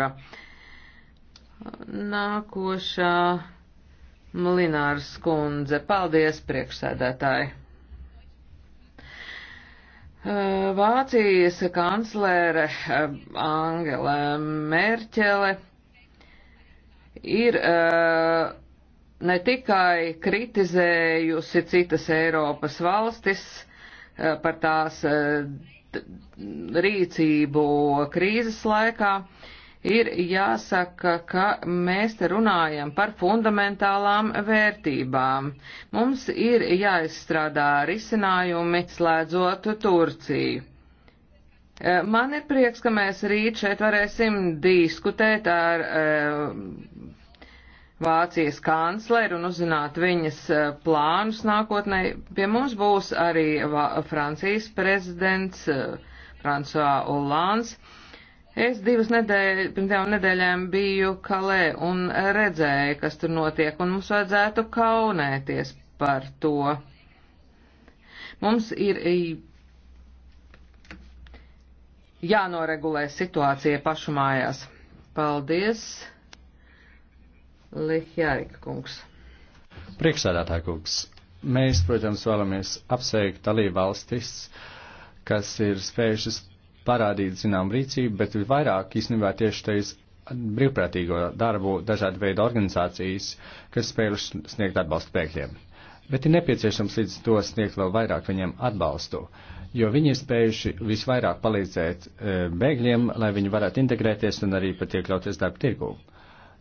ka nākošā Malināras kundze. Paldies, priekšsēdētāji! Eh, Vācijas kanclere eh, Angela Merķele ir eh, ne tikai kritizējusi citas Eiropas valstis par tās rīcību krīzes laikā, ir jāsaka, ka mēs te runājam par fundamentālām vērtībām. Mums ir jāizstrādā risinājumi, slēdzot Turciju. E, man ir prieks, ka mēs rīt šeit varēsim diskutēt ar e, Vācijas kancleru un uzzināt viņas e, plānus nākotnē. Pie mums būs arī Francijas prezidents François Hollands. Es divas nedēļas, pirms divām nedēļām biju Kalē un redzēju, kas tur notiek, un mums vajadzētu kaunēties par to. Mums ir jānoregulē situācija pašu mājās. Paldies, Lihjārika kungs. Priekšsēdētāja kungs, mēs, protams, vēlamies apsveikt dalību valstis, kas ir spējušas parādīt zinām rīcību, bet vairāk īstenībā tieši teiz brīvprātīgo darbu dažādu veidu organizācijas, kas spējuši sniegt atbalstu bēgļiem. Bet ir nepieciešams līdz to sniegt vēl vairāk viņiem atbalstu, jo viņi ir spējuši visvairāk palīdzēt e, bēgļiem, lai viņi varētu integrēties un arī pat iekļauties darba tirgū.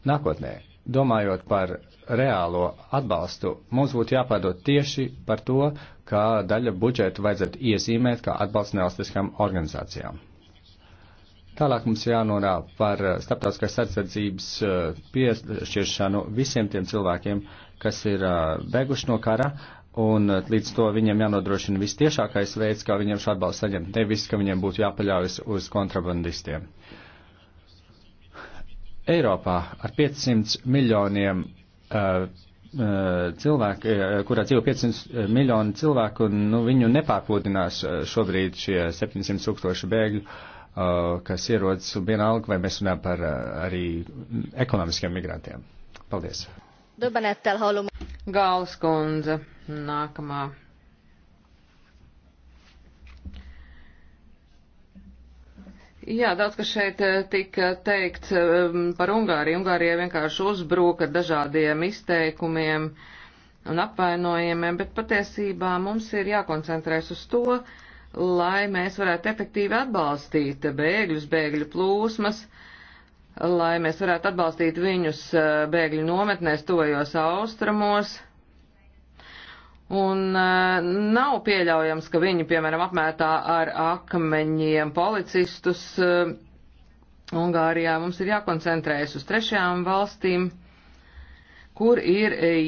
Nākotnē, domājot par reālo atbalstu, mums būtu jāpārdod tieši par to, ka daļa budžeta vajadzētu iezīmēt kā atbalsts nevalstiskām organizācijām. Tālāk mums jānorā par eh, starptautiskās aizsardzības eh, piešķiršanu visiem tiem cilvēkiem, kas ir eh, beguši no kara, un līdz to viņiem jānodrošina vistiešākais veids, kā viņiem šo atbalstu saņemt, nevis, ka viņiem būtu jāpaļaujas uz kontrabandistiem. Eiropā ar 500 miljoniem uh, Eh, cilvēki, eh, kurā dzīvo 500 miljoni cilvēku, un nu, viņu nepārpludinās eh, šobrīd šie 700 tūkstoši bēgļu, kas ierodas vienalga, vai mēs runājam par arī ekonomiskiem migrantiem. Paldies. Dubanettel Holum. Gāls kundze, nākamā Jā, daudz, kas šeit eh, tika teikts eh, par Ungāriju. Ungārija vienkārši uzbruka dažādiem izteikumiem un apvainojumiem, bet patiesībā mums ir jākoncentrēs uz to, lai mēs varētu efektīvi atbalstīt bēgļus, bēgļu plūsmas, lai mēs varētu atbalstīt viņus eh, bēgļu nometnēs, tuvajos austrumos Un uh, nav pieļaujams, ka viņi, piemēram, apmētā ar akmeņiem policistus uh, Ungārijā. Mums ir jākoncentrējas uz trešajām valstīm kur ir eh,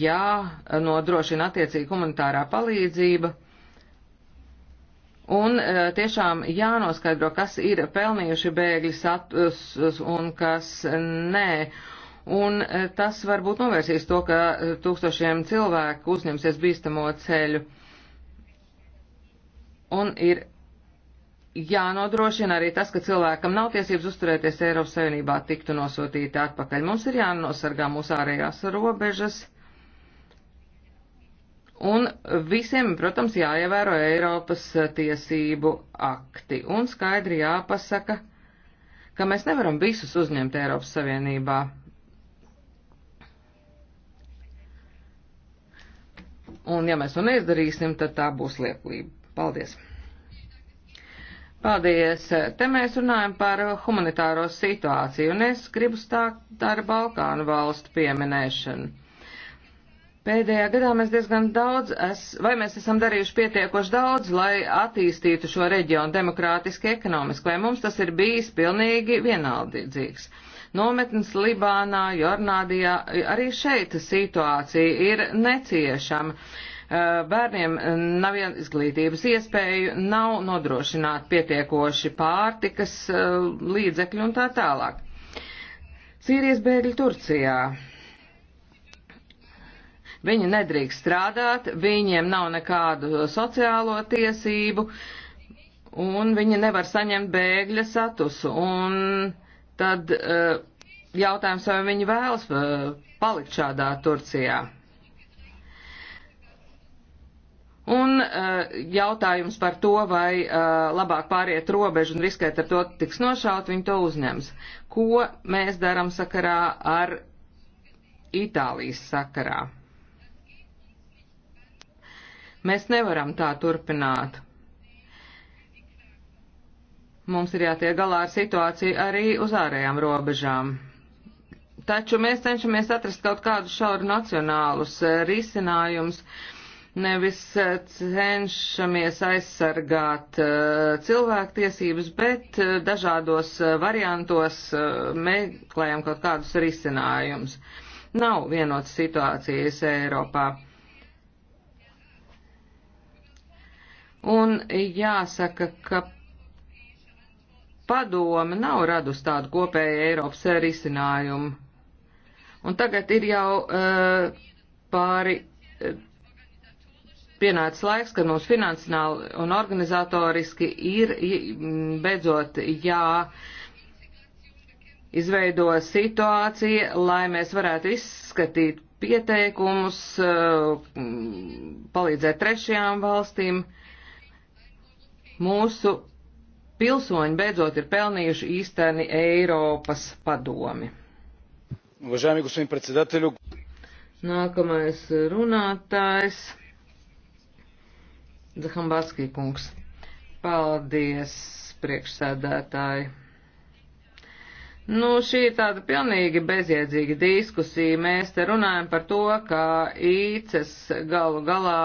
jānodrošina attiecīga humanitārā palīdzība. Un tiešām jānoskaidro, kas ir pelnījuši bēgļi status un kas nē. Un e, tas varbūt novērsīs to, ka e, tūkstošiem cilvēku uzņemsies bīstamo ceļu. Un ir jānodrošina arī tas, ka cilvēkam nav tiesības uzturēties Eiropas Savienībā, tiktu nosūtīti atpakaļ. Mums ir jānosargā mūsu ārējās robežas. Un visiem, protams, jāievēro Eiropas e, tiesību akti. Un skaidri jāpasaka, ka mēs nevaram visus uzņemt Eiropas Savienībā Un ja mēs to neizdarīsim, tad tā būs lieklība. Paldies! Paldies! Te mēs runājam par humanitāro situāciju, un es gribu stākt ar Balkānu valstu pieminēšanu. Pēdējā gadā mēs diezgan daudz, es, vai mēs esam darījuši pietiekoši daudz, lai attīstītu šo reģionu demokrātiski, ekonomiski, vai mums tas ir bijis pilnīgi vienaldzīgs nometnes Libānā, Jornādijā, arī šeit situācija ir neciešama. Eh, bērniem nav izglītības iespēju, nav nodrošināti pietiekoši pārtikas eh, līdzekļi un tā tālāk. Sīrijas bēgļi Turcijā. Viņi nedrīkst strādāt, viņiem nav nekādu sociālo tiesību, un viņi nevar saņemt bēgļa statusu. Un tad eh, jautājums, vai viņi vēlas eh, palikt šādā Turcijā. Un eh, jautājums par to, vai labāk pāriet robežu un riskēt ar to tiks nošaut, viņi to uzņems. Ko mēs darām sakarā ar Itālijas sakarā? Mēs nevaram tā turpināt. Mums ir jātiek galā ar situāciju arī uz ārējām robežām. Taču mēs cenšamies atrast kaut kādus šauru nacionālus eh, risinājumus, nevis eh, cenšamies aizsargāt eh, cilvēktiesības, bet dažādos variantos meklējam kaut kādus risinājumus. Nav vienotas situācijas Eiropā. Un jāsaka, ka padome nav radusi tādu kopēju Eiropas risinājumu. Un tagad ir jau uh, pāri uh, pienācis laiks, kad mums finansiāli un organizatoriski ir beidzot jā izveido situācija, lai mēs varētu izskatīt pieteikumus, uh, palīdzēt trešajām valstīm. Mūsu pilsoņi beidzot ir pelnījuši īsteni Eiropas padomi. Уважаеми господин председателю. Nākamais runātājs Zahambatskī kungs. Paldies, priekšsēdētāji. Nu, šī ir tāda pilnīgi bezjēdzīga diskusija. Mēs te runājam par to, ka īces galu galā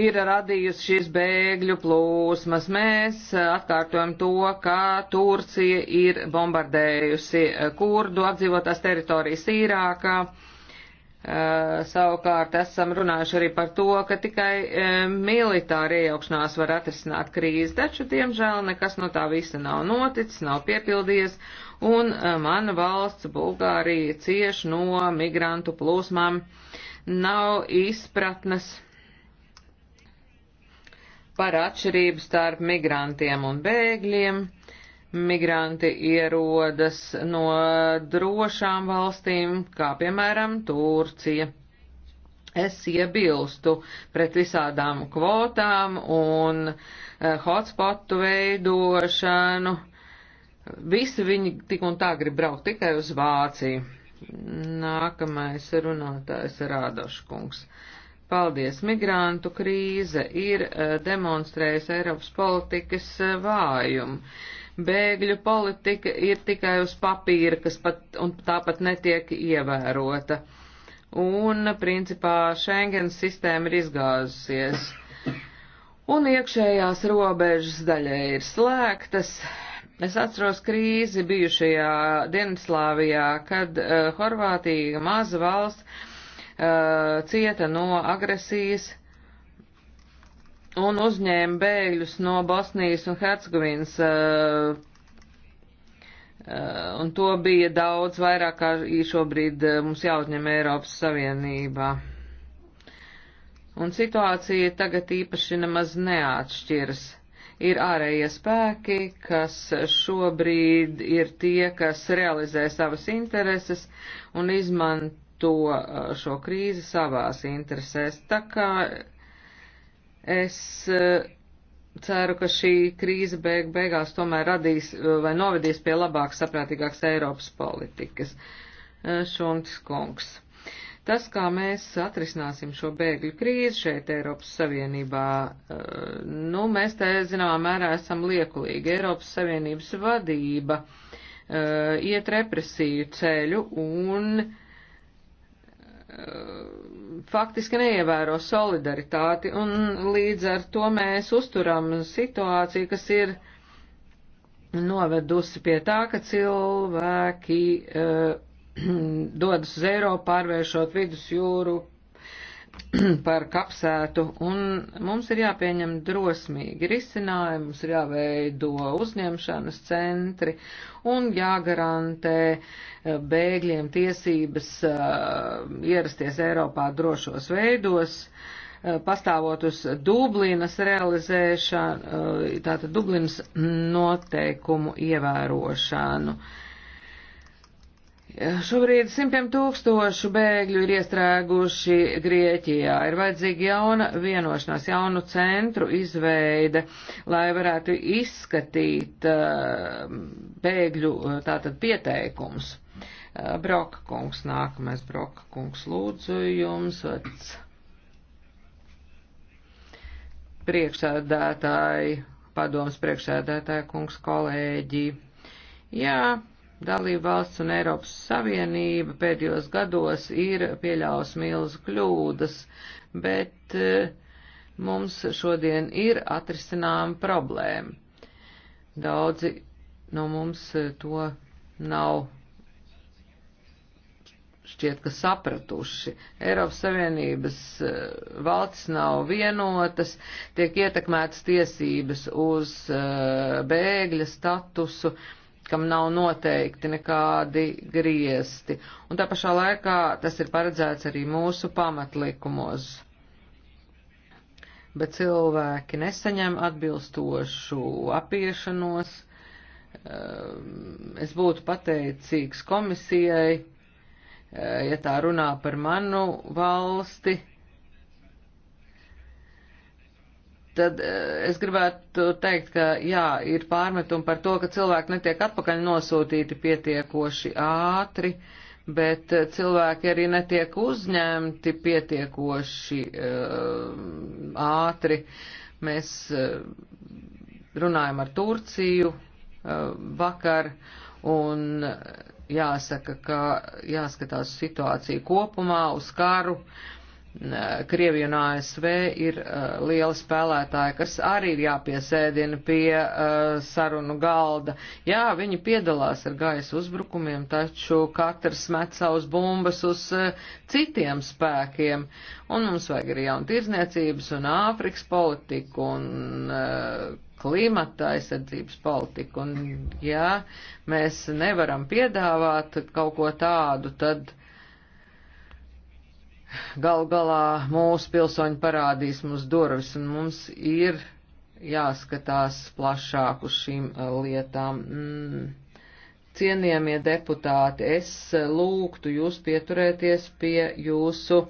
ir radījusi šīs bēgļu plūsmas. Mēs eh, atkārtojam to, ka Turcija ir bombardējusi eh, kurdu apdzīvotās teritorijas Irākā. Eh, savukārt esam runājuši arī par to, ka tikai militāra iejaukšanās var atrisināt krīzi, taču, diemžēl, nekas no tā visa nav noticis, nav piepildies, un mana valsts, Bulgārija, cieš no migrantu plūsmām, nav izpratnes par atšķirību starp migrantiem un bēgļiem. Migranti ierodas no drošām valstīm, kā piemēram Turcija. Es iebilstu pret visādām kvotām un uh, hotspotu veidošanu. Visi viņi tik un tā grib braukt tikai uz Vāciju. Nākamais runātājs ir Rādoškungs. Uh, Paldies! Migrantu krīze ir eh, demonstrējusi Eiropas politikas eh, vājumu. Bēgļu politika ir tikai uz papīra, kas pat, un tāpat netiek ievērota. Un, principā, Schengens sistēma ir izgāzusies. Un iekšējās robežas daļai ir slēgtas, Es atceros krīzi bijušajā Dienvidslāvijā, kad uh, Horvātija, maza valsts, Uh, cieta no agresijas un uzņēma bēgļus no Bosnijas un Hercegovinas. Uh, uh, un to bija daudz vairāk, kā šobrīd mums jāuzņem Eiropas Savienībā. Un situācija tagad īpaši nemaz neatšķiras ir ārējie spēki, kas šobrīd ir tie, kas realizē savas intereses un izmanto izmanto eh, šo krīzi savās interesēs. Tā kā es eh, ceru, ka šī krīze beig beigās tomēr radīs eh, vai novedīs pie labākas, saprātīgākas Eiropas politikas. Šunks kungs. Tas, kā mēs atrisināsim šo bēgļu krīzi šeit Eiropas Savienībā, nu, mēs te zināmā mērā esam liekulīgi. Eiropas Savienības vadība uh, iet represiju ceļu un Uh, faktiski neievēro solidaritāti, un līdz ar to mēs uzturam situāciju, kas ir novedusi pie tā, ka cilvēki uh, dodas uz Eiropu pārvēršot vidusjūru par kapsētu, un mums ir jāpieņem drosmīgi risinājumi, mums ir jāveido uzņemšanas centri un jāgarantē eh, bēgļiem tiesības eh, ierasties Eiropā drošos veidos, eh, pastāvot uz Dublinas realizēšanu, tātad Dublinas noteikumu ievērošanu. Uh, Šobrīd simtiem tūkstošu bēgļu ir iestrēguši Grieķijā. Ir vajadzīga jauna vienošanās, jaunu centru izveide, lai varētu izskatīt uh, bēgļu uh, tātad pieteikums. Uh, Broka kungs, nākamais Broka kungs, lūdzu jums vats priekšsēdētāji, padoms priekšsēdētāji kungs, kolēģi. Jā, Dalība valsts un Eiropas Savienība pēdējos gados ir pieļāvusi milzu kļūdas, bet eh, mums šodien ir atrisinām problēma. Daudzi no mums eh, to nav šķiet, ka sapratuši. Eiropas Savienības eh, valsts nav vienotas, tiek ietekmētas tiesības uz bēgļa statusu. Uh, kam nav noteikti nekādi griesti. Un tā pašā laikā tas ir paredzēts arī mūsu pamatlikumos. Bet cilvēki nesaņem atbilstošu apiešanos. Es būtu pateicīgs komisijai, ja tā runā par manu valsti tad eh, es gribētu teikt, ka jā, ir pārmetumi par to, ka cilvēki netiek atpakaļ nosūtīti pietiekoši ātri, bet eh, cilvēki arī netiek uzņemti pietiekoši uh, ātri. Mēs uh, runājam ar Turciju uh, vakar un jāsaka, ka jāskatās situācija kopumā uz karu. Uh, Krievija un ASV ir uh, liela spēlētāja, kas arī ir jāpiesēdina pie uh, sarunu galda. Jā, viņi piedalās ar gaisa uzbrukumiem, taču katrs met savus bumbas uz uh, citiem spēkiem. Un mums vajag arī jaunu tirzniecības un Āfrikas politiku un uh, klimata aizsardzības politiku. Un, jā, mēs nevaram piedāvāt kaut ko tādu, tad Gal galā mūsu pilsoņi parādīs mums durvis, un mums ir jāskatās plašāk uz šīm uh, lietām. Mm. Cienījamie deputāti, es uh, lūgtu jūs pieturēties pie jūsu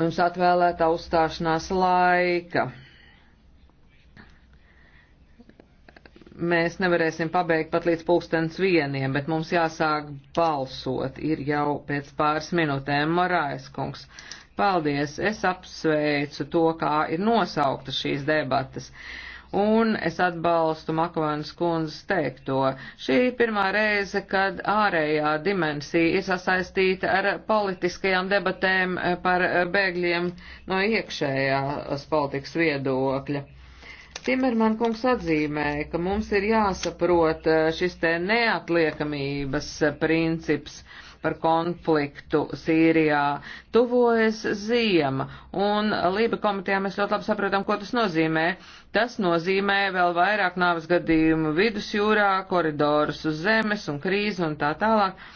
jums atvēlētā uzstāšanās laika. mēs nevarēsim pabeigt pat līdz pulkstens vieniem, bet mums jāsāk balsot, ir jau pēc pāris minūtēm Marājas kungs. Paldies, es apsveicu to, kā ir nosaukta šīs debatas. Un es atbalstu Makovenas kundzes teikto. Šī ir pirmā reize, kad ārējā dimensija ir sasaistīta ar politiskajām debatēm par bēgļiem no iekšējās politikas viedokļa. Timerman kungs atzīmē, ka mums ir jāsaprot eh, šis te neatliekamības eh, princips par konfliktu Sīrijā. Tuvojas ziema, un Lība komitejā mēs ļoti labi saprotam, ko tas nozīmē. Tas nozīmē vēl vairāk nāves gadījumu vidusjūrā, koridorus uz zemes un krīzi un tā tālāk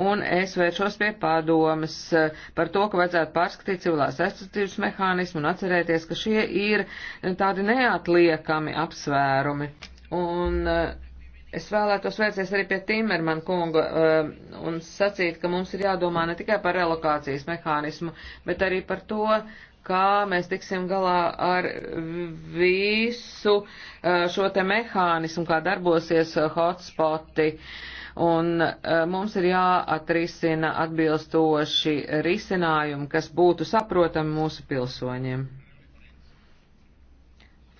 un es vēršos pie pārdomas eh, par to, ka vajadzētu pārskatīt civilās aizsardzības mehānismu un atcerēties, ka šie ir tādi neatliekami apsvērumi. Un eh, es vēlētos vērsties arī pie Timerman kunga eh, un sacīt, ka mums ir jādomā ne tikai par relokācijas mehānismu, bet arī par to, kā mēs tiksim galā ar visu šo te mehānismu, kā darbosies hotspoti. Uh, un e, mums ir jāatrisina atbilstoši risinājumi, kas būtu saprotami mūsu pilsoņiem.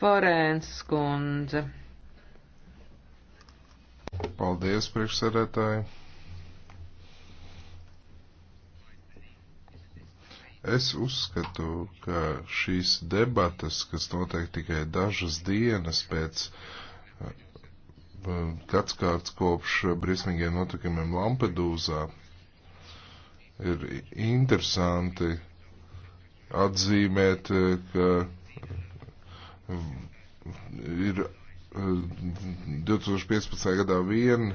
Forēns skundze. Paldies, priekšsēdētāji. Es uzskatu, ka šīs debatas, kas notiek tikai dažas dienas pēc uh, gads um, kārts kopš briesmīgiem notikumiem Lampedūzā. Ir interesanti atzīmēt, ka um, ir 2015. Um, gadā vien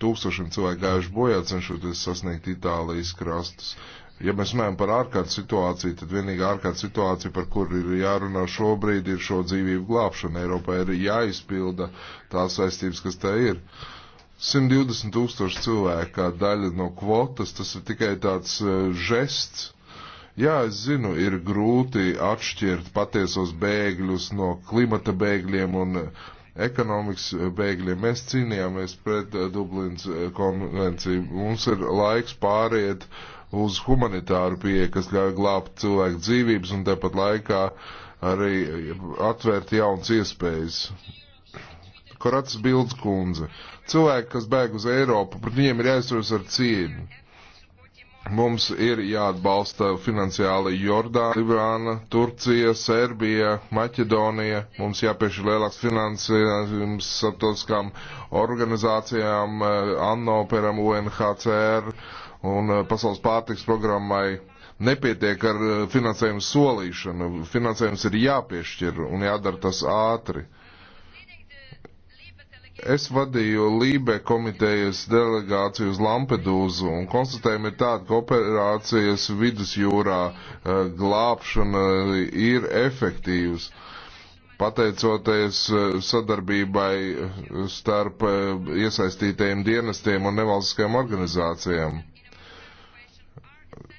tūkstošiem cilvēku gājuši bojā, cenšoties sasniegt Itālijas krastus. Ja mēs runājam par ārkārtas situāciju, tad vienīgā ārkārtas situācija, par kur ir jārunā šobrīd, ir šo dzīvību glābšana. Eiropā ir jāizpilda tās saistības, kas te ir. 120 tūkstoši cilvēku kā daļa no kvotas, tas ir tikai tāds e, žests. Jā, es zinu, ir grūti atšķirt patiesos bēgļus no klimata bēgļiem un e, ekonomikas e, bēgļiem. Mēs cīnījāmies pret Dublins konvenciju. Mums ir laiks pāriet uh, uz humanitāru pieeju, kas ļauj glābt cilvēku dzīvības un tāpat laikā arī atvērt jaunas iespējas. Korats Bilds kundze. Cilvēki, kas bēg uz Eiropu, pret viņiem ir jāizturas ar cieņu. Mums ir jāatbalsta finansiāli Jordāna, Librāna, Turcija, Serbija, Maķedonija. Mums jāpiešķir lielāks finansējums starptautiskām organizācijām, eh, ANO, piemēram, UNHCR, un eh, pasaules pārtiks programmai nepietiek ar eh, finansējumu solīšanu. Finansējums ir jāpiešķir un jādara tas ātri. Es vadīju Lībe komitejas delegāciju uz Lampedūzu un konstatējumi ir tādi, ka operācijas vidusjūrā eh, glābšana ir efektīvas. Pateicoties sadarbībai starp iesaistītajiem dienestiem un nevalstiskajām organizācijām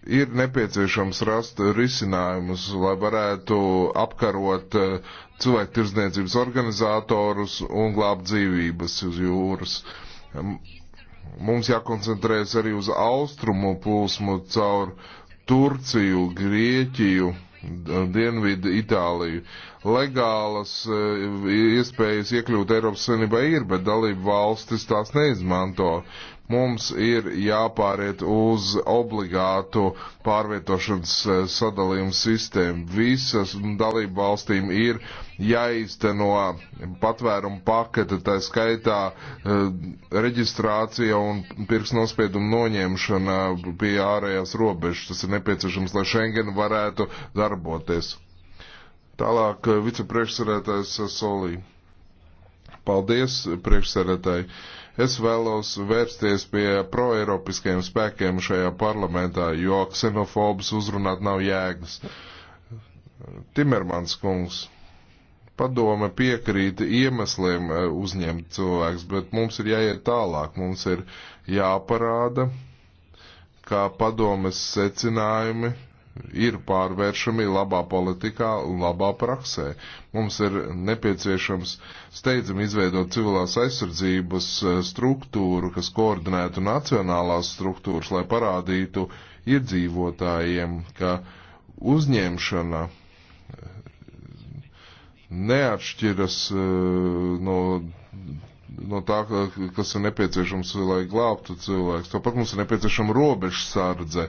ir nepieciešams rast risinājumus, lai varētu apkarot eh, cilvēku tirdzniecības organizatorus un glābt dzīvības uz jūras. Mums jākoncentrējas arī uz austrumu plūsmu caur Turciju, Grieķiju Dienvidu Itāliju. Legālas e, iespējas iekļūt Eiropas Savienībā ir, bet dalību valstis tās neizmanto. Mums ir jāpāriet uz obligātu pārvietošanas e, sadalījumu sistēmu. Visas dalību valstīm ir jāizteno patvērumu pakete, tā skaitā eh, reģistrācija un pirksnospiedumu noņemšana pie ārējās robežas. Tas ir nepieciešams, lai Schengen varētu darboties. Tālāk eh, vicepriekšsarētājs Solī. Paldies, priekšsarētāji. Es vēlos vērsties pie proeiropiskajiem spēkiem šajā parlamentā, jo ksenofobus uzrunāt nav jēgas. Timermans kungs padome piekrīt iemesliem eh, uzņemt cilvēks, bet mums ir jāiet tālāk. Mums ir jāparāda, kā padomes secinājumi ir pārvēršami labā politikā un labā praksē. Mums ir nepieciešams steidzami izveidot civilās aizsardzības eh, struktūru, kas koordinētu nacionālās struktūras, lai parādītu iedzīvotājiem, ka uzņemšana neatšķiras eh, no, no tā, kas ir nepieciešams, lai glābtu cilvēks. Tāpat mums ir nepieciešama robežsardze,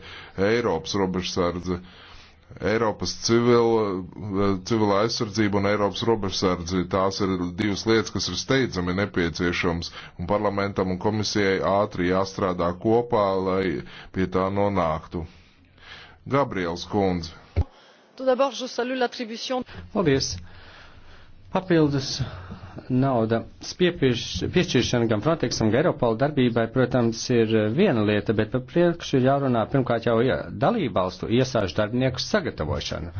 Eiropas robežsardze. Eiropas civila, eh, civila aizsardzība un Eiropas robežsardze. Tās ir divas lietas, kas ir steidzami nepieciešams, un parlamentam un komisijai ātri jāstrādā kopā, lai pie tā nonāktu. Gabriels Kundze. Paldies. Papildus nauda piešķiršana gan Frontexam, gan Eiropola darbībai, protams, ir viena lieta, bet par priekšu ir jārunā pirmkārt jau dalībvalstu iesāžu darbinieku sagatavošana.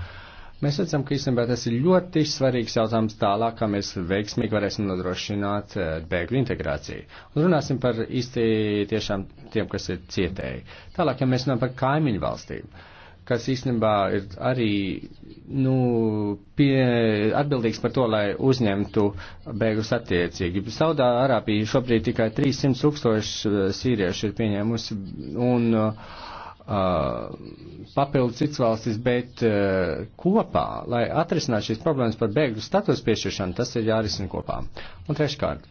Mēs redzam, ka īstenībā tas ir ļoti svarīgs jautājums tālāk, kā mēs veiksmīgi varēsim nodrošināt eh, bēgļu integrāciju. Un runāsim par īsti tiešām tiem, kas ir cietēji. Tālāk, ja mēs runājam par kaimiņu valstīm. Uh, kas īstenībā ir arī nu, pie, atbildīgs par to, lai uzņemtu bēgus attiecīgi. Saudā Arābija šobrīd tikai 300 tūkstoši uh, sīriešu ir pieņēmusi un uh, papildu cits valstis, bet uh, kopā, lai atrisinātu šīs problēmas par bēgļu status piešķiršanu, tas ir jārisina kopā. Un treškārt,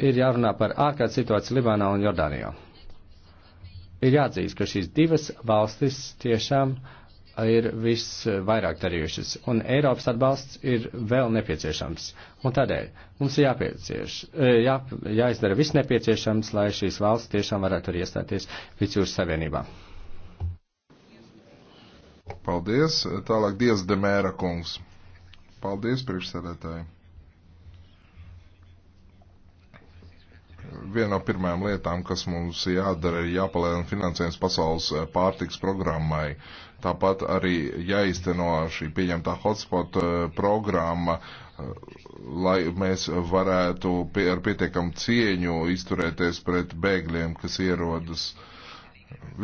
ir jārunā par ārkārtas situāciju Libānā un Jordānijā ir jāatzīst, ka šīs divas valstis tiešām ir visvairāk darījušas, un Eiropas atbalsts ir vēl nepieciešams. Un tādēļ mums ir jāpiecieš, eh, jā, jāizdara viss nepieciešams, lai šīs valsts tiešām varētu arī iestāties Vidusjūras Savienībā. Paldies. Tālāk Dievs Demēra kungs. Paldies, priekšsēdētāji. Viena no pirmajām lietām, kas mums jādara, ir jāpalielina finansējums pasaules eh, pārtiks programmai. Tāpat arī jāizteno šī pieņemtā hotspot eh, programma, eh, lai mēs varētu pie, ar pietiekamu cieņu izturēties pret bēgļiem, kas ierodas.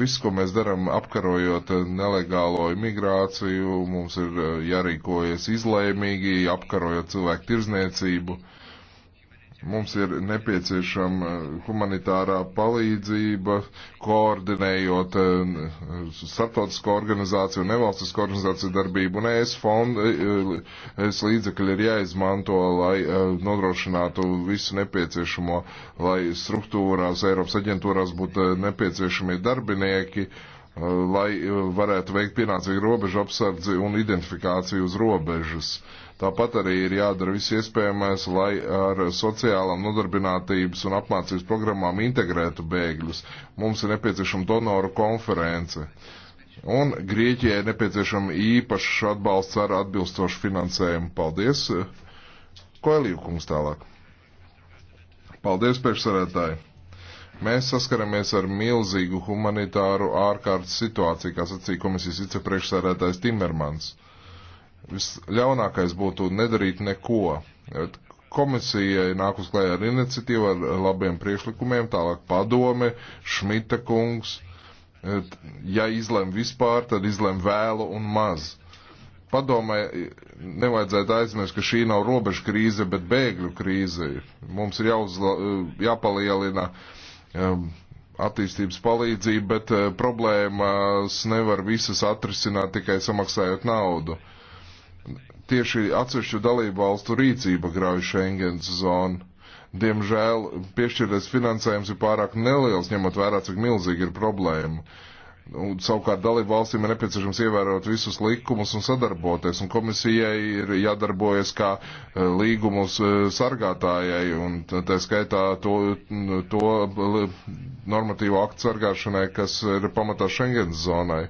Viss, ko mēs darām apkarojot nelegālo imigrāciju, mums ir jārīkojas izlēmīgi, apkarojot cilvēku tirzniecību Mums ir nepieciešama humanitārā palīdzība, koordinējot eh, starptautisko organizāciju un nevalstisko organizāciju darbību. Un ES, fond, ES eh, e līdzekļi ir jāizmanto, lai eh, nodrošinātu visu nepieciešamo, lai struktūrās, Eiropas aģentūrās būtu nepieciešamie darbinieki. Uh, lai eh, varētu veikt pienācīgu robežu apsardzi un identifikāciju uz robežas. Tāpat arī ir jādara viss iespējamais, lai ar sociālām nodarbinātības un apmācības programmām integrētu bēgļus. Mums ir nepieciešama donoru konference. Un Grieķijai nepieciešama īpašs atbalsts ar atbilstošu finansējumu. Paldies! Eh, Koeliju kungs tālāk. Paldies, priekšsarētāji! Mēs saskaramies ar milzīgu humanitāru ārkārtas situāciju, kā sacīja komisijas vicepriekšsēdētājs Timermans. Visļaunākais būtu nedarīt neko. Komisija nāk uz klājā ar iniciatīvu, ar labiem priekšlikumiem, tālāk padome, Šmita kungs. Ja izlem vispār, tad izlem vēlu un maz. Padomē, nevajadzētu aizmirst, ka šī nav robežu krīze, bet bēgļu krīze. Mums ir jāuzla, jāpalielina uh, attīstības palīdzību, bet eh, problēmas nevar visas atrisināt tikai samaksājot naudu. Tieši atsevišķu dalību valstu rīcība grauj Schengens zonu. Diemžēl piešķirtais finansējums ir pārāk neliels, ņemot vērā, cik milzīgi ir problēma. Uh, Un, savukārt dalību valstīm ir nepieciešams ievērot visus likumus un sadarboties, un komisijai ir jādarbojas kā e, līgumus e, sargātājai, un tā skaitā to, to normatīvo aktu sargāšanai, kas ir pamatā Schengens zonai.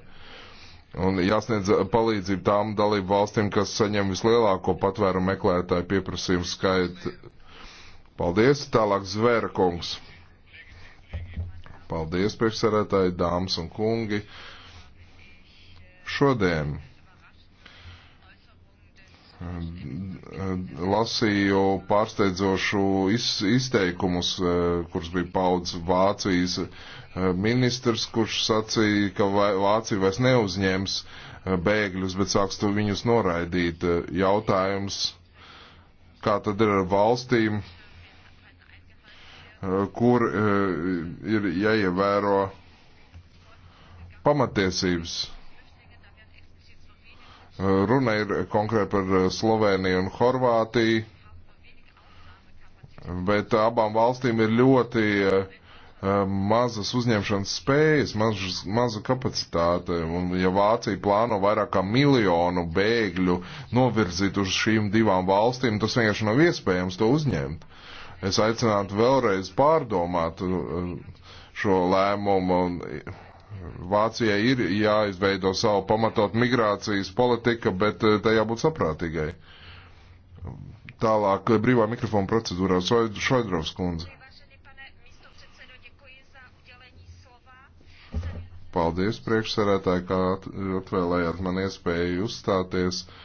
Un jāsniedz palīdzību tām dalību valstīm, kas saņem vislielāko patvēru meklētāju pieprasījumu skaitu. Paldies, tālāk Zvēra kungs. Paldies, priekšsarētāji, dāmas un kungi. Šodien eh, lasīju pārsteidzošu iz, izteikumus, eh, kurus bija paudz Vācijas eh, ministrs, kurš sacīja, ka Vācija vairs neuzņems bēgļus, bet sāks to viņus noraidīt. Jautājums, kā tad ir ar valstīm, kur e, ir jāievēro pamatiesības. E, runa ir konkrēti par Sloveniju un Horvātiju, bet abām valstīm ir ļoti e, mazas uzņemšanas spējas, maz, maza kapacitāte. Un ja Vācija plāno vairāk kā miljonu bēgļu novirzīt uz šīm divām valstīm, tas vienkārši nav iespējams to uzņemt. Uh, Es aicinātu vēlreiz pārdomāt uh, šo lēmumu. Vācijai ir jāizveido savu pamatot migrācijas politika, bet uh, tajā būtu saprātīgai. Tālāk uh, brīvā mikrofona procedūrā Šoidrovs kundze. Paldies priekšsarētāji, kā atvēlējāt man iespēju uzstāties. Uh,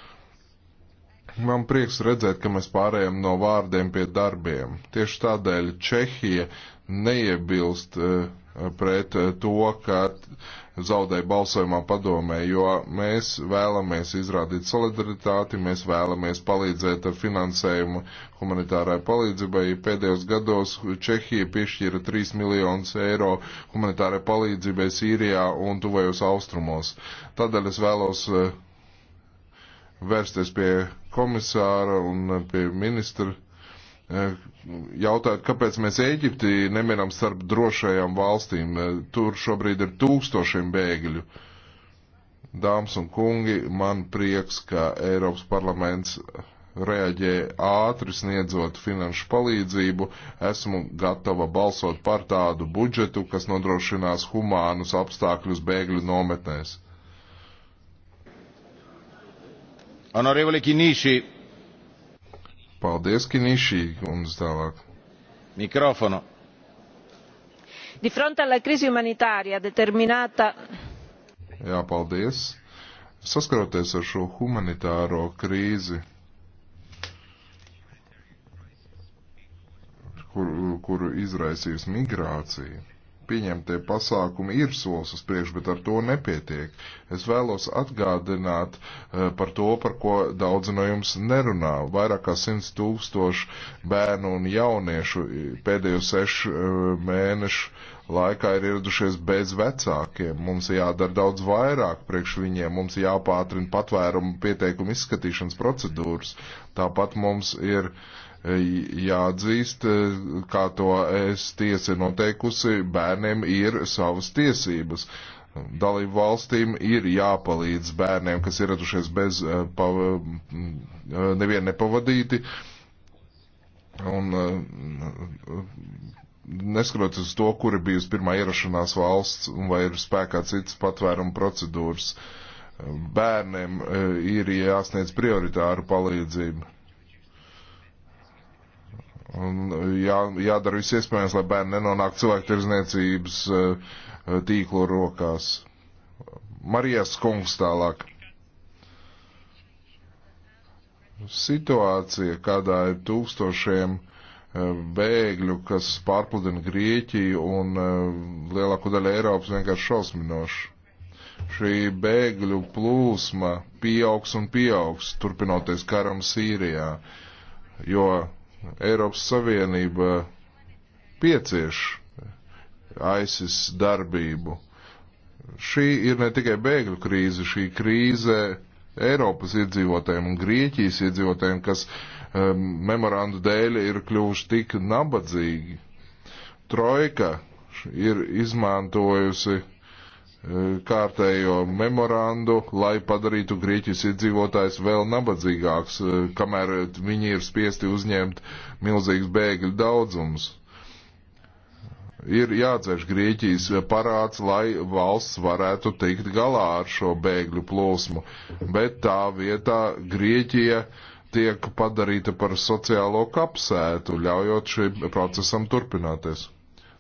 Man prieks redzēt, ka mēs pārējām no vārdiem pie darbiem. Tieši tādēļ Čehija neiebilst eh, pret eh, to, ka zaudēja balsojumā padomē, jo mēs vēlamies izrādīt solidaritāti, mēs vēlamies palīdzēt ar finansējumu humanitārai palīdzībai. Pēdējos gados Čehija piešķīra 3 miljonus eiro humanitārai palīdzībai Sīrijā un tuvējos austrumos. Tādēļ es vēlos eh, vērsties pie komisāra un pie ministra, eh, jautāt, kāpēc mēs Eģipti nemiram starp drošajām valstīm. Eh, tur šobrīd ir tūkstošiem bēgļu. Dāmas un kungi, man prieks, ka Eiropas parlaments reaģē ātri sniedzot finanšu palīdzību. Esmu gatava balsot par tādu budžetu, kas nodrošinās humānus apstākļus bēgļu nometnēs. Honorevole Kinīši. Paldies, Kinīši, un tālāk. Mikrofonu. Di fronte alla crisi umanitaria determinata. Jā, paldies. Saskaroties ar šo humanitāro krīzi, kuru, kuru izraisījusi migrācija, pieņemtie pasākumi ir solis uz priekšu, bet ar to nepietiek. Es vēlos atgādināt eh, par to, par ko daudzi no jums nerunā. Vairāk kā 100 tūkstoši bērnu un jauniešu eh, pēdējo sešu eh, mēnešu laikā ir ieradušies bez vecākiem. Mums jādara daudz vairāk priekš viņiem, mums jāpātrina patvērumu pieteikumu izskatīšanas procedūras. Tāpat mums ir uh, jāatzīst, eh, kā to es tiesa ir noteikusi, bērniem ir savas tiesības. Dalību valstīm ir jāpalīdz bērniem, kas ieradušies bez eh, pa, eh, nevienu nepavadīti. Un neskatoties uz to, kura bijusi pirmā ierašanās valsts un vai ir spēkā citas patvēruma procedūras, bērniem ir jāsniedz prioritāru palīdzību. Un jā, jādara viss iespējams, lai bērni nenonāktu cilvēku tirzniecības eh, tīklu rokās. Marijas kungs tālāk. Situācija, kādā ir tūkstošiem eh, bēgļu, kas pārpludina Grieķiju un eh, lielāko daļu Eiropas vienkārši šausminoši. Šī bēgļu plūsma pieaugs un pieaugs, turpinoties karam Sīrijā, jo Eiropas Savienība piecieš ISIS darbību. Šī ir ne tikai bēgļu krīze, šī krīze Eiropas iedzīvotājiem un Grieķijas iedzīvotājiem, kas um, memorandu dēļ ir kļuvuši tik nabadzīgi. Trojka ir izmantojusi kārtējo memorandu, lai padarītu Grieķijas iedzīvotājs vēl nabadzīgāks, eh, kamēr viņi ir spiesti uzņemt milzīgs bēgļu daudzums. Ir jādzēš Grieķijas parāds, lai valsts varētu tikt galā ar šo bēgļu plūsmu, bet tā vietā Grieķija tiek padarīta par sociālo kapsētu, ļaujot šim procesam turpināties.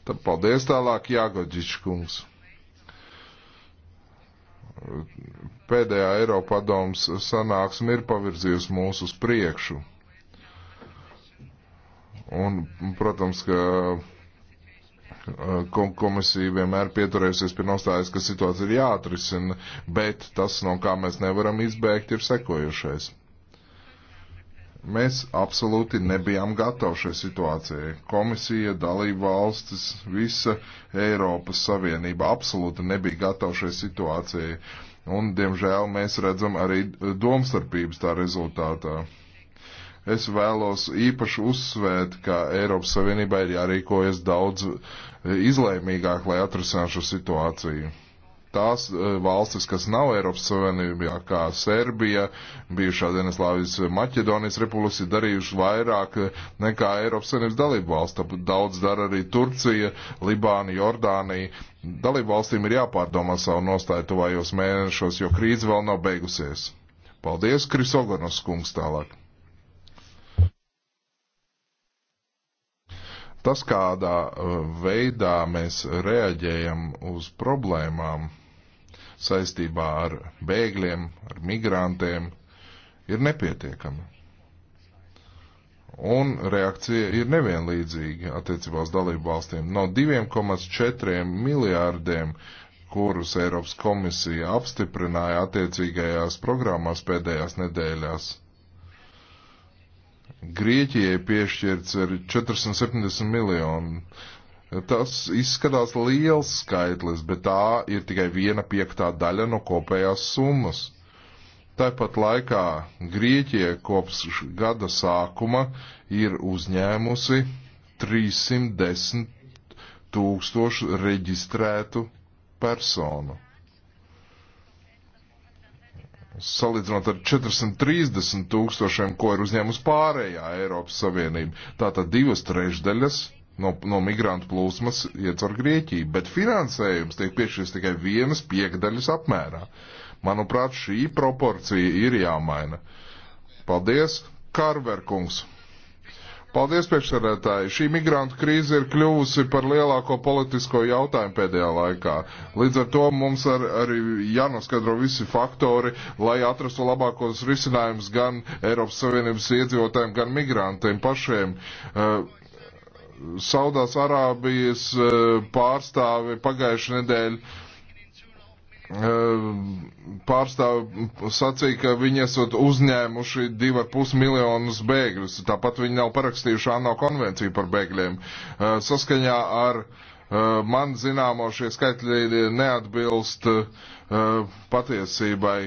Tad paldies tālāk Jāgoģičs kungs pēdējā Eiropadoms sanāksme ir pavirzījusi mūs uz priekšu. Un, protams, ka eh, komisija vienmēr pieturēsies pie nostājas, ka situācija ir jāatrisina, bet tas, no kā mēs nevaram izbēgt, ir sekojušais. Mēs absolūti nebijām gatavi šai situācijai. Komisija, dalība valstis, visa Eiropas Savienība absolūti nebija gatava šai situācijai. Un, diemžēl, mēs redzam arī domstarpības tā rezultātā. Es vēlos īpaši uzsvērt, ka Eiropas Savienībai ir jārīkojas daudz izlēmīgāk, lai atrisinātu šo situāciju tās e, valstis, kas nav Eiropas Savienībā, kā Serbija, bijušā Dienaslāvijas Maķedonijas republika, ir darījuši vairāk e, nekā Eiropas Savienības dalību valsts. Daudz dara arī Turcija, Libāna, Jordānija. Dalību valstīm ir jāpārdomā savu nostāju tuvajos mēnešos, jo krīze vēl nav beigusies. Paldies, Krisogonos kungs tālāk. Tas, kādā e, veidā mēs reaģējam uz problēmām, saistībā ar bēgļiem, ar migrantiem ir nepietiekama. Un reakcija ir nevienlīdzīga attiecībā uz dalību valstīm. No 2,4 miljārdiem, kurus Eiropas komisija apstiprināja attiecīgajās programmās pēdējās nedēļās, Grieķijai piešķirts ir 470 miljoni Tas izskatās liels skaitlis, bet tā ir tikai viena piektā daļa no kopējās summas. Tāpat laikā Grieķija kopš gada sākuma ir uzņēmusi 310 tūkstošu reģistrētu personu. Salīdzinot ar 430 tūkstošiem, ko ir uzņēmusi pārējā Eiropas Savienība, tātad divas trešdaļas no, no migrantu plūsmas iet caur Grieķiju, bet finansējums tiek piešķirts tikai vienas piekdaļas apmērā. Manuprāt, šī proporcija ir jāmaina. Paldies, Karverkungs! Paldies, priekšsēdētāji! Šī migrantu krīze ir kļuvusi par lielāko politisko jautājumu pēdējā laikā. Līdz ar to mums ar, arī jānoskaidro visi faktori, lai atrastu labākos risinājumus gan Eiropas Savienības iedzīvotājiem, gan migrantiem pašiem. Uh, Saudās Arābijas e, pārstāvi pagājušajā nedēļā e, pārstāvi sacīja, ka viņi esot uzņēmuši 2,5 miljonus bēgļus. Tāpat viņi nav parakstījuši ANO konvenciju par bēgļiem. E, saskaņā ar man zināmo šie skaitļi neatbilst patiesībai.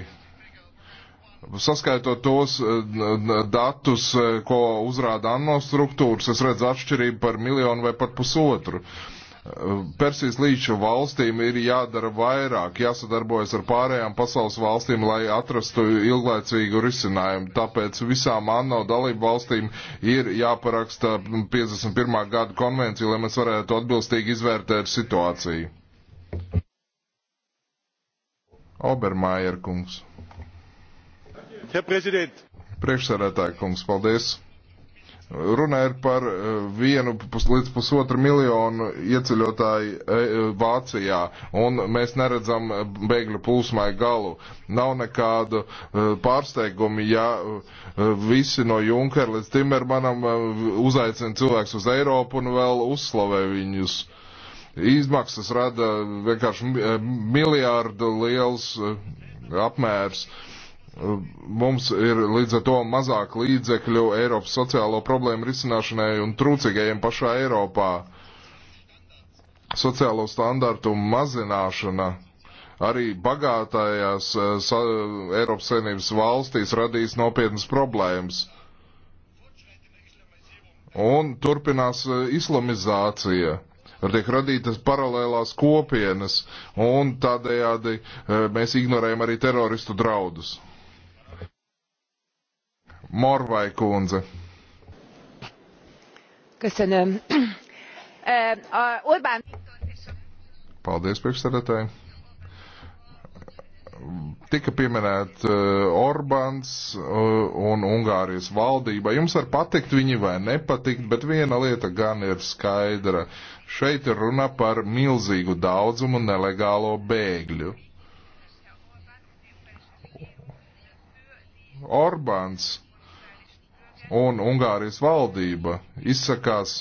Saskaitot tos eh, datus, eh, ko uzrāda ANO struktūras, es redzu atšķirību par miljonu vai par pusotru. Eh, Persijas līča valstīm ir jādara vairāk, jāsadarbojas ar pārējām pasaules valstīm, lai atrastu ilglaicīgu risinājumu. Tāpēc visām ANO dalību valstīm ir jāparaksta 51. gada konvenciju, lai mēs varētu atbilstīgi izvērtēt situāciju. Obermajer kungs. Priekšsēdētāji kungs, paldies! Runa ir par eh, vienu pus, līdz pusotru miljonu ieceļotāju eh, Vācijā, un mēs neredzam eh, bēgļu plūsmai galu. Nav nekādu pārsteigumu, ja visi no Junkera līdz Timermanam uzaicina cilvēks uz Eiropu un vēl uzslavē viņus. Izmaksas rada vienkārši miljārdu liels apmērs. Uh, mums ir līdz ar to mazāk līdzekļu Eiropas sociālo problēmu risināšanai un trūcīgajiem pašā Eiropā. Sociālo standartu mazināšana arī bagātājās eh, sa, Eiropas savienības valstīs radīs nopietnas problēmas. Un turpinās eh, islamizācija tiek radītas paralēlās kopienas, un tādējādi eh, mēs ignorējam arī teroristu draudus. Morvai kundze. Köszönöm. Orbán... Paldies, priekšsēdētāji tika pieminēts uh, Orbāns uh, un Ungārijas valdība. Jums var patikt viņi vai nepatikt, bet viena lieta gan ir skaidra. Šeit ir runa par milzīgu daudzumu nelegālo bēgļu. Orbāns un Ungārijas valdība izsakās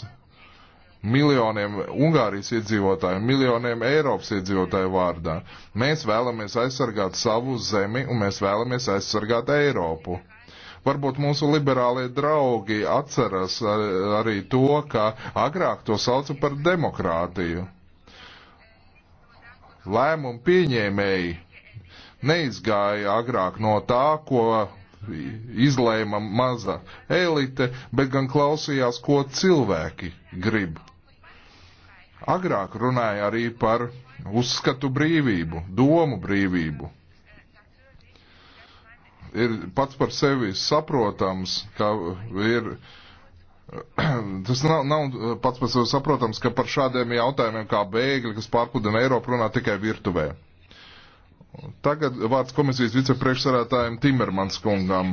miljoniem Ungārijas iedzīvotāju, miljoniem Eiropas iedzīvotāju vārdā. Mēs vēlamies aizsargāt savu zemi un mēs vēlamies aizsargāt Eiropu. Varbūt mūsu liberālie draugi atceras arī to, ka agrāk to sauca par demokrātiju. Lēmumu pieņēmēji neizgāja agrāk no tā, ko izlēma maza elite, bet gan klausījās, ko cilvēki grib. Agrāk runāja arī par uzskatu brīvību, domu brīvību. Ir pats par sevi saprotams, ka ir Tas nav, nav pats par sevi saprotams, ka par šādiem jautājumiem kā bēgļi, kas pārpludina Eiropu, runā tikai virtuvē. Tagad vārds komisijas vicepriekšsarātājiem Timermans kungam.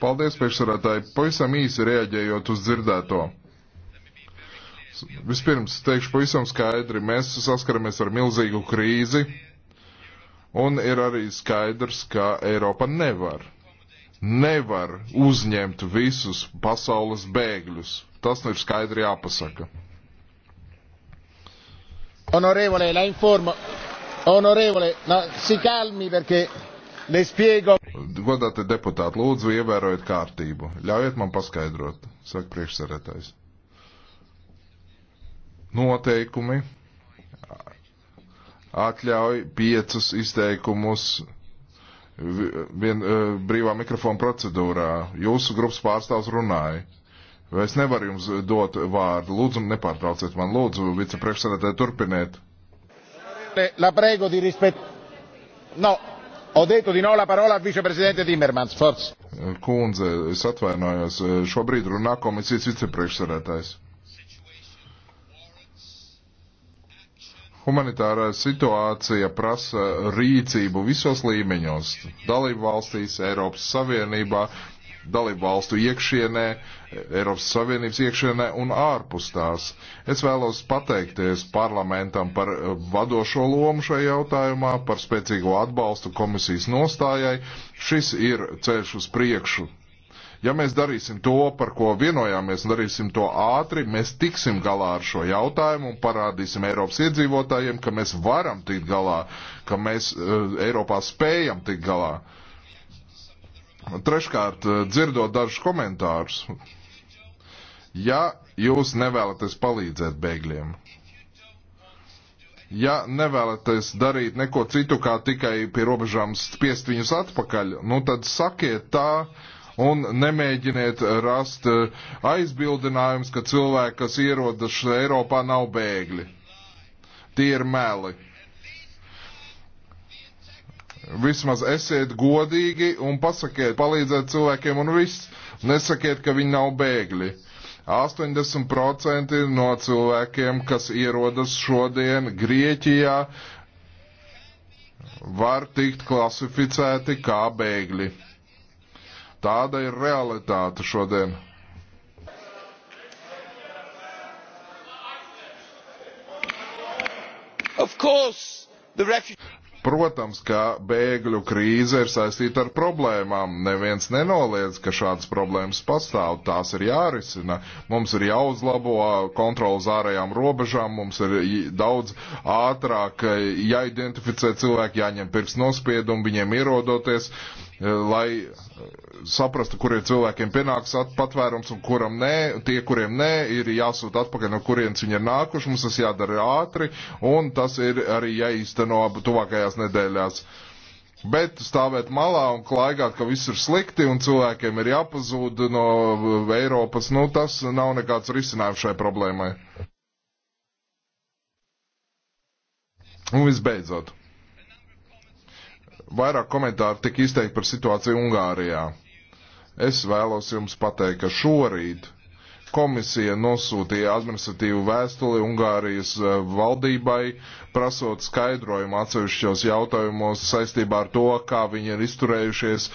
Paldies, priekšsarātāji, pavisam īsi reaģējot uz dzirdēto. Vispirms teikšu pavisam skaidri, mēs saskaramies ar milzīgu krīzi, un ir arī skaidrs, ka Eiropa nevar, nevar uzņemt visus pasaules bēgļus. Tas nu ir skaidri jāpasaka. Honorevole, la informo, Onorevole, no, si calmi perché le spiego. Godāti deputāti, lūdzu, ievērojiet kārtību. Ļaujiet man paskaidrot, saka priekšsarētājs. Noteikumi atļauj piecus izteikumus vien, eh, brīvā mikrofona procedūrā. Jūsu grupas pārstāvs runāja. Es nevaru jums dot vārdu. Lūdzu, nepārtrauciet man. Lūdzu, vicepriekšsēdētāji, turpiniet la prego di rispettare no ho detto di no la parola al vicepresidente Timmermans forse kundze es atvainojos eh, šobrīd runā komisijas vicepriekšsēdētājs Humanitārā situācija prasa rīcību visos līmeņos, dalību valstīs, Eiropas Savienībā, dalību valstu iekšienē, Eiropas Savienības iekšienē un ārpus tās. Es vēlos pateikties parlamentam par eh, vadošo lomu šajā jautājumā, par spēcīgo atbalstu komisijas nostājai. Šis ir ceļš uz priekšu. Ja mēs darīsim to, par ko vienojāmies, un darīsim to ātri, mēs tiksim galā ar šo jautājumu un parādīsim Eiropas iedzīvotājiem, ka mēs varam tikt galā, ka mēs uh, Eiropā spējam tikt galā. Uh, Treškārt, eh, dzirdot dažus komentārus, ja jūs nevēlaties palīdzēt bēgļiem, ja nevēlaties darīt neko citu, kā tikai pie robežām spiest viņus atpakaļ, nu tad sakiet tā un nemēģiniet rast eh, aizbildinājums, ka cilvēki, kas ierodas Eiropā, nav bēgļi. Tie ir meli. Vismaz esiet godīgi un pasakiet, palīdziet cilvēkiem un viss. Nesakiet, ka viņi nav bēgļi. 80% no cilvēkiem, kas ierodas šodien Grieķijā, var tikt klasificēti kā bēgļi. Tāda ir realitāte šodien. Of course, the refugee... Protams, ka bēgļu krīze ir saistīta ar problēmām. Neviens nenoliedz, ka šādas problēmas pastāv. Tās ir jārisina. Mums ir jāuzlabo kontrolas ārējām robežām, mums ir daudz ātrāk eh, jāidentificē cilvēki, jāņem pirks nospiedumi, viņiem ierodoties, eh, lai saprastu, kuriem cilvēkiem pienāks patvērums un kuram nē. Tie, kuriem nē, ir jāsūta atpakaļ, no kurienes viņi ir nākuši. Mums tas jādara ātri, un tas ir arī jāīsteno tuvākajās nedēļās. Bet stāvēt malā un klaigāt, ka viss ir slikti un cilvēkiem ir jāpazūd no Eiropas, nu tas nav nekāds risinājums šai problēmai. Un visbeidzot vairāk komentāru tika izteikti par situāciju Ungārijā. Es vēlos jums pateikt, ka šorīt komisija nosūtīja administratīvu vēstuli Ungārijas eh, valdībai, prasot skaidrojumu atsevišķos jautājumos saistībā ar to, kā viņi ir izturējušies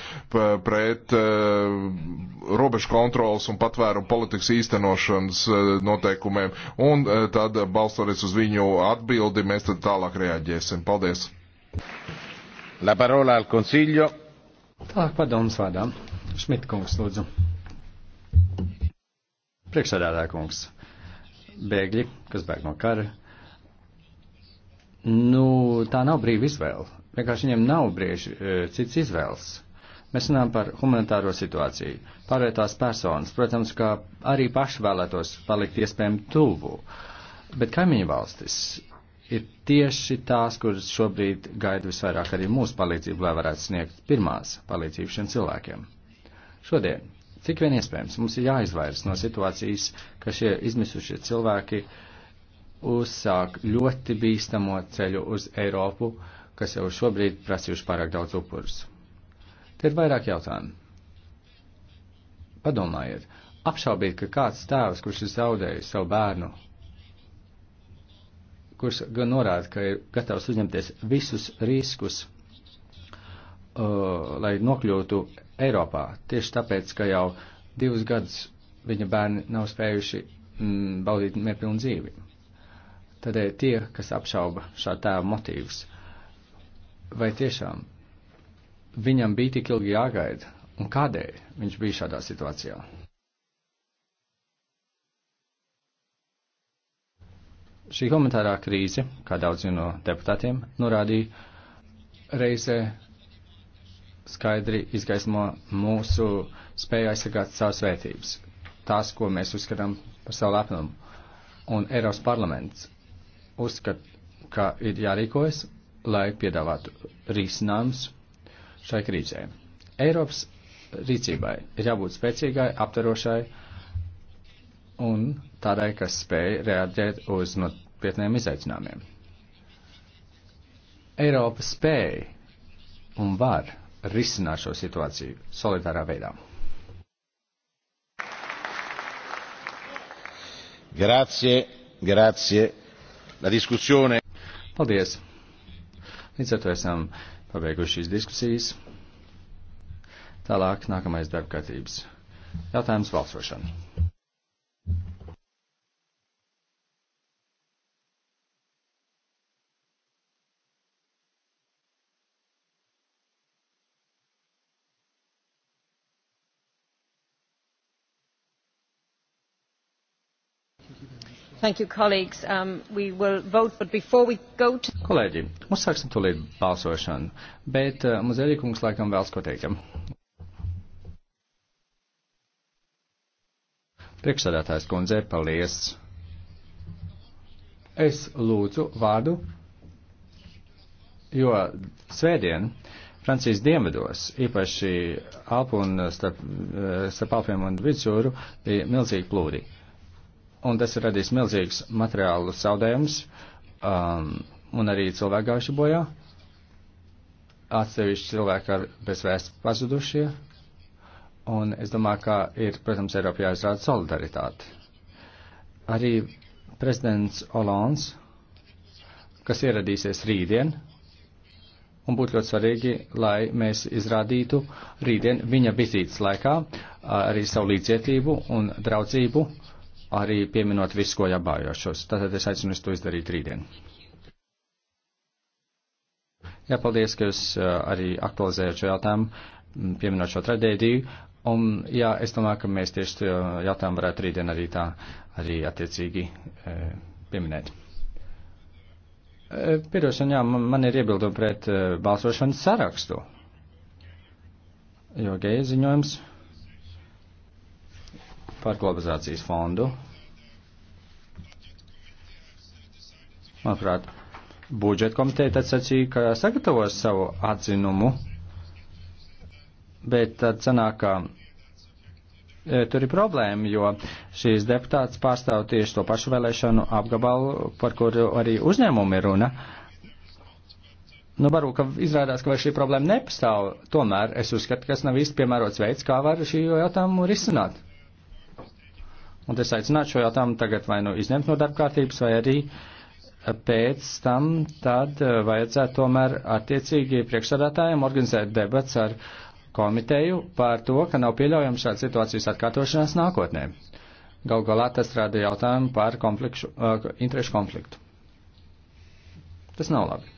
pret eh, robežu kontrolas un patvērumu politikas īstenošanas eh, noteikumiem. Un tad balstoties uz viņu atbildi, mēs tad tālāk reaģēsim. Paldies! La parola al Consiglio. Tā, padoms vārdā. Šmita kungs, lūdzu. Priekšsēdētāja kungs. Bēgļi, kas bēg no kara. Nu, tā nav brīva izvēle. Vienkārši viņiem nav brieži e, cits izvēles. Mēs runājam par humanitāro situāciju. Pārvietās personas, protams, kā arī paši vēlētos palikt iespējami tuvu, bet kaimiņu valstis ir tieši tās, kuras šobrīd gaida visvairāk arī mūsu palīdzību, lai varētu sniegt pirmās palīdzību šiem cilvēkiem. Šodien, cik vien iespējams, mums ir jāizvairas no situācijas, ka šie izmisušie cilvēki uzsāk ļoti bīstamo ceļu uz Eiropu, kas jau šobrīd prasījuši pārāk daudz upurus. Te ir vairāk jautājumu. Padomājiet, apšaubīt, ka kāds tēvs, kurš ir zaudējis savu bērnu, kurš gan norāda, ka ir gatavs uzņemties visus riskus, uh, lai nokļūtu Eiropā. Tieši tāpēc, ka jau divus gadus viņa bērni nav spējuši mm, baudīt nepilnu dzīvi. Tādēļ eh, tie, kas apšauba šā tēva motīvus, vai tiešām viņam bija tik ilgi jāgaida un kādēļ viņš bija šādā situācijā? Šī humanitārā krīze, kā daudzi no deputātiem norādīja, reizē skaidri izgaismo mūsu spēju aizsargāt savas vērtības, tās, ko mēs uzskatām par savu lepnumu. Un Eiropas parlaments uzskat, ka ir jārīkojas, lai piedāvātu risinājums šai krīzē. Eiropas rīcībai ir jābūt spēcīgai, aptarošai un tādai, kas spēj reaģēt uz nopietniem izaicinājumiem. Eiropa spēj un var risināt šo situāciju solidārā veidā. Grazie, grazie. La diskusione. Paldies. Līdz ar to esam pabeiguši šīs diskusijas. Tālāk nākamais darbkārtības jautājums balsošana. You, um, vote, to... Kolēģi, uzsāksim tūlīt balsošanu, bet uh, Muzēļa kungs laikam vēlas ko teikt. Priekšsādātājs kundze, paldies. Es lūdzu vārdu, jo svētdien Francijas dienvidos, īpaši Alpu un starp, eh, starp Alpiem un Vidzjūru, bija milzīgi plūdi un tas ir radījis milzīgus materiālu zaudējumus um, un arī cilvēku gājuši bojā. Atsevišķi cilvēki ar bezvēsts pazudušie. Un es domāju, ka ir, protams, Eiropā jāizrāda solidaritāte. Arī prezidents Olons, kas ieradīsies rītdien, un būtu ļoti svarīgi, lai mēs izrādītu rītdien viņa vizītes laikā uh, arī savu līdzjūtību un draudzību uh, arī pieminot visu, ko jābājošos. Tātad es aicinu jūs to izdarīt rītdien. Jā, paldies, ka jūs arī aktualizējat šo jautājumu, pieminot šo traģēdiju. Un, jā, es domāju, ka mēs tieši jautājumu varētu rītdien arī tā, arī attiecīgi pieminēt. Piedošana, jā, man ir iebildumi pret balsošanas sarakstu. Jo geja ziņojums par globalizācijas fondu Manuprāt, budžeta komiteja tad sacīja, ka sagatavos savu atzinumu, bet tad sanāk, ka e, tur ir problēma, jo šīs deputāts pārstāv tieši to pašu vēlēšanu apgabalu, par kuru arī uzņēmumi ir runa. Nu, varbūt, ka izrādās, ka šī problēma nepastāv. Tomēr es uzskatu, ka tas nav īsti piemērots veids, kā var šī jautājumu risināt. Un es aicinātu šo jautājumu tagad vai nu izņemt no darbkārtības, vai arī uh, pēc tam tad eh, vajadzētu tomēr attiecīgi priekšsādātājiem organizēt debats ar komiteju par to, ka nav pieļaujama šāda situācijas atkārtošanās nākotnē. Gal galā tas rada jautājumu par konfliktu, uh, eh, interešu konfliktu. Tas nav labi.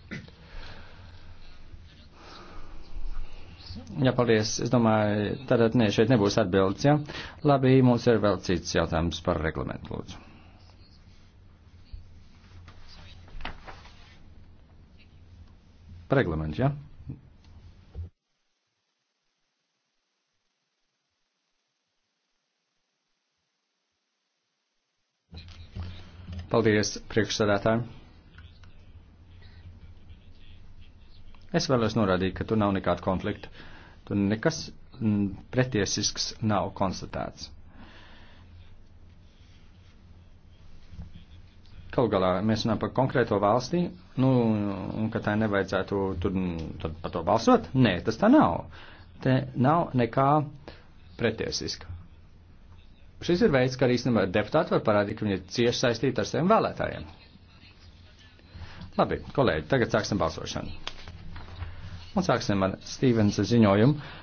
Jā, ja, paldies. Es domāju, tad ne, šeit nebūs atbildes, jā. Ja? Labi, mums ir vēl cits jautājums par reglamentu, lūdzu. Par reglamentu, jā? Ja? Paldies, priekšsēdētāji. Es vēlos norādīt, ka tur nav nekāda konflikta. Tur nekas mm, pretiesisks nav konstatēts. Galu galā mēs runājam par konkrēto valstī, nu, un ka tā nevajadzētu tur, nu, tur par to balsot. Nē, tas tā nav. Te nav nekā pretiesiska. Šis ir veids, kā arī īstenībā deputāti var parādīt, ka viņi ir cieši saistīti ar saviem vēlētājiem. Labi, kolēģi, tagad sāksim balsošanu. Un sāksim ar Stevensa ziņojumu.